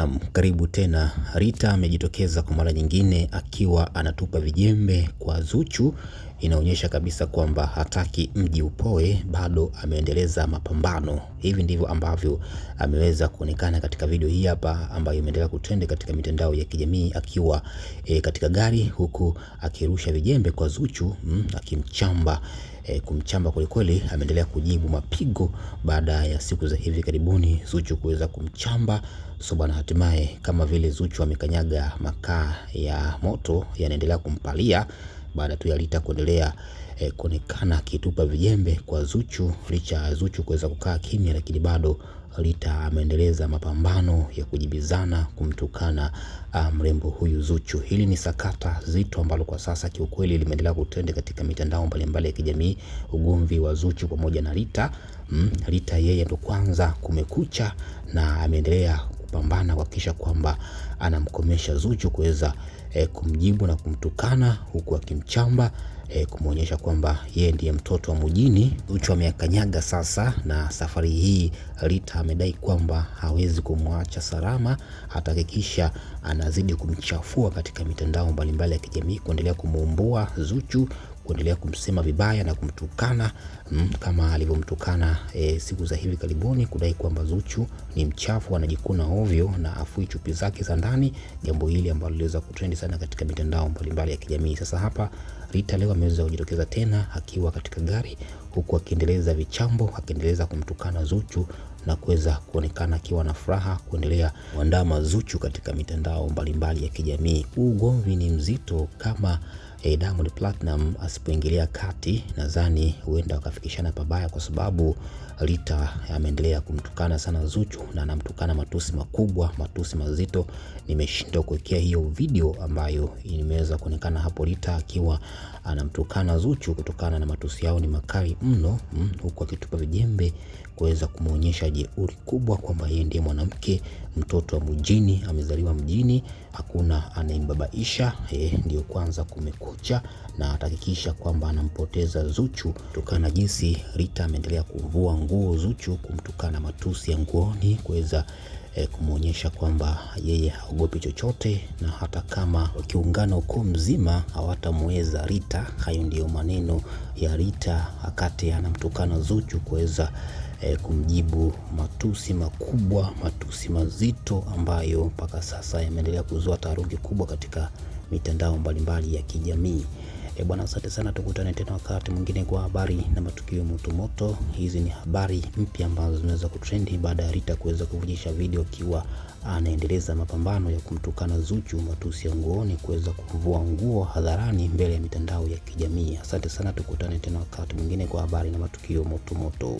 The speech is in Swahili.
Naam, karibu tena. Rita amejitokeza kwa mara nyingine akiwa anatupa vijembe kwa Zuchu inaonyesha kabisa kwamba hataki mji upoe, bado ameendeleza mapambano. Hivi ndivyo ambavyo ameweza kuonekana katika video hii hapa ambayo imeendelea kutende katika mitandao ya kijamii akiwa e, katika gari huku akirusha vijembe kwa Zuchu mm, akimchamba e, kumchamba kwelikweli. Ameendelea kujibu mapigo baada ya siku za hivi karibuni Zuchu kuweza kumchamba so bwana, hatimaye kama vile Zuchu amekanyaga makaa ya moto yanaendelea kumpalia baada tu ya Rita kuendelea e, kuonekana akitupa vijembe kwa Zuchu, licha ya Zuchu kuweza kukaa kimya, lakini bado Rita ameendeleza mapambano ya kujibizana kumtukana ah, mrembo huyu Zuchu. Hili ni sakata zito ambalo kwa sasa kiukweli limeendelea kutende katika mitandao mbalimbali ya kijamii, ugomvi wa Zuchu pamoja na Rita. Mm, Rita yeye ndo kwanza kumekucha na ameendelea kupambana kuhakikisha kwamba anamkomesha Zuchu kuweza e, kumjibu na kumtukana huku akimchamba e, eh, kumwonyesha kwamba yeye ndiye mtoto wa mjini. Zuchu ameyakanyaga sasa, na safari hii Rita amedai kwamba hawezi kumwacha salama, atahakikisha anazidi kumchafua katika mitandao mbalimbali ya kijamii kuendelea kumuumbua Zuchu kuendelea kumsema vibaya na kumtukana mm, kama alivyomtukana e, siku za hivi karibuni kudai kwamba Zuchu ni mchafu, anajikuna ovyo na afui chupi zake za ndani, jambo hili ambalo liliweza kutrendi sana katika mitandao mbalimbali ya kijamii. Sasa hapa Rita leo ameweza kujitokeza tena akiwa katika gari, huku akiendeleza vichambo, akiendeleza kumtukana Zuchu na kuweza kuonekana akiwa na furaha kuendelea kuandama Zuchu katika mitandao mbalimbali ya kijamii. Huu ugomvi ni mzito kama eh, Diamond Platinum asipoingilia kati, nadhani huenda wakafikishana pabaya, kwa sababu Rita ameendelea kumtukana sana Zuchu na anamtukana matusi makubwa, matusi mazito. Nimeshindwa kuwekea hiyo video ambayo imeweza kuonekana hapo, Rita akiwa anamtukana Zuchu kutokana na matusi yao ni makali mno, mm, huku akitupa vijembe kuweza kumwonyesha jeuri kubwa kwamba yeye ndiye mwanamke, mtoto wa mjini, amezaliwa mjini hakuna anayembabaisha. Ndiyo kwanza kumekucha, na atahakikisha kwamba anampoteza Zuchu kutokana na jinsi Rita ameendelea kuvua nguo Zuchu, kumtukana matusi ya nguoni kuweza e, eh, kumwonyesha kwamba yeye haogopi chochote, na hata kama wakiungana ukoo mzima hawatamweza Rita. Hayo ndiyo maneno ya Rita akati anamtukana Zuchu kuweza e, kumjibu matusi makubwa, matusi mazito ambayo mpaka sasa yameendelea kuzua taharuki kubwa katika mitandao mbalimbali ya kijamii. E bwana, asante sana, tukutane tena wakati mwingine kwa habari na matukio moto moto. Hizi ni habari mpya ambazo zimeweza kutrendi baada ya Rita kuweza kuvujisha video akiwa anaendeleza mapambano ya kumtukana Zuchu matusi ya nguoni, kuweza kuvua nguo hadharani mbele ya mitandao ya kijamii. Asante sana, tukutane tena wakati mwingine kwa habari na matukio moto moto.